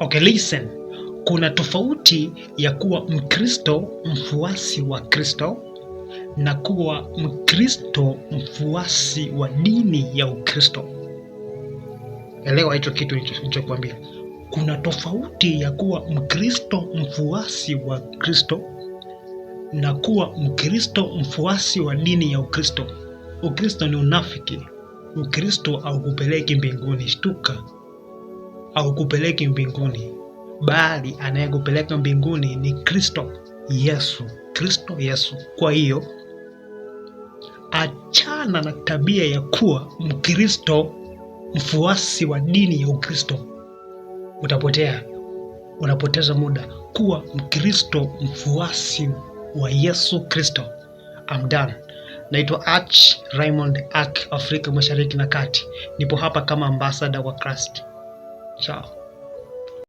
Okay, listen. Kuna tofauti ya kuwa Mkristo mfuasi wa Kristo na kuwa Mkristo mfuasi wa dini ya Ukristo. Elewa hicho kitu nilichokuambia. Kuna tofauti ya kuwa Mkristo mfuasi wa Kristo na kuwa Mkristo mfuasi wa dini ya Ukristo. Ukristo ni unafiki. Ukristo haukupeleki mbinguni. Shtuka haukupeleki mbinguni, bali anayekupeleka mbinguni ni Kristo Yesu. Kristo Yesu. Kwa hiyo achana na tabia ya kuwa Mkristo, mfuasi wa dini ya Ukristo. Utapotea, unapoteza muda. Kuwa Mkristo, mfuasi wa Yesu Kristo. I'm done. Naitwa Arch Raymond Ark, Afrika Mashariki na Kati. Nipo hapa kama ambasada wa Christ. 照。